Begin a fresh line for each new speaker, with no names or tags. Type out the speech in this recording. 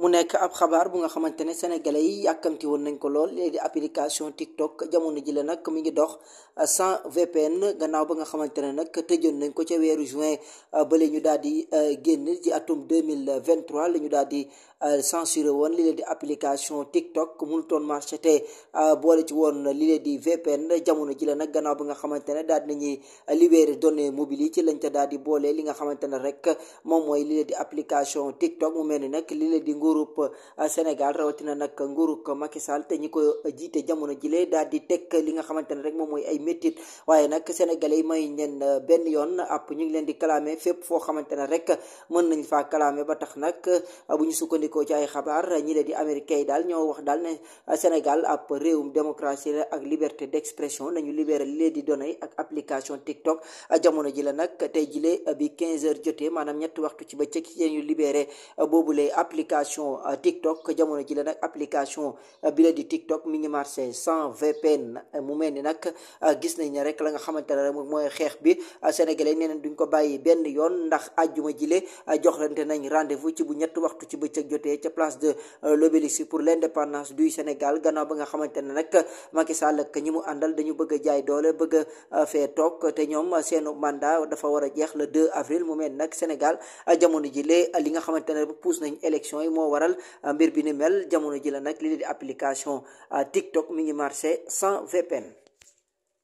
mu nekk ab xabaar bu nga xamante ne sénégalais yi yàkkamti woon nañ ko lool léegi application TikTok jamono ji la nag mi ngi dox sans VPN gannaaw ba nga xamante ne nag tëjoon nañ ko ca weeru juin euh, bale ñu daal di euh, génn ci atum 2023 la ñu daal di euh, censuré woon li leen di application TikTok mënutoon marché te boole ci woon li di jamono ji nag gannaaw ba nga xamante ne daal nañuy libéré données mobiles yi ci lañ ca daal di boole li nga xamante ne rek moom mooy li leen di application TikTok mu mel ni nag li leen di nguurub euh, Sénégal rawatina nag nguurug Macky Sall te ñi ko euh, jiite jamono jile daal di teg li nga xamante ne rek moom mooy ay métit waaye nag sénégalais yi may leen euh, benn yoon ab ñu ngi leen di kalaame fépp foo xamante ne rek mën nañ faa kalaame ba tax nag bu ñu sukkandikoo ci ay xabaar ñi leen di américains yi daal ñoo wax daal ne Sénégal ab réewum démocratie la ak liberté d'expression nañu libéré li di données ak application TikTok jamono ji la nag tey jile bi 15 heures jotee maanaam ñetti waxtu ci bëccëg ci ñu libéré boobu lay application application euh, TikTok jamono ji la nag application euh, bi la di TikTok mi ngi marché VPN euh, mu mel ni nag gis nañ ne rek la nga xamante ne rek mooy xeex bi sénégalais nee nañ duñ ko bàyyi benn yoon ndax àjjuma jile joxlante nañ rendez-vous ci bu ñett waxtu ci bëccëg jotee ca place de l'Obélisque pour l'indépendance du Sénégal gannaaw ba nga xamante ne nag Macky Sall ñi mu àndal dañu bëgg a jaay doole bëgg a toog te ñoom seenu mandat dafa war jeex le 2 avril mu mel nag Sénégal jamono jile li nga xamante rek puus nañ élection yi waral euh, mbir bi ni mel jamono ji la nag lii di application euh, TikTok mi ngi marché sans VPN.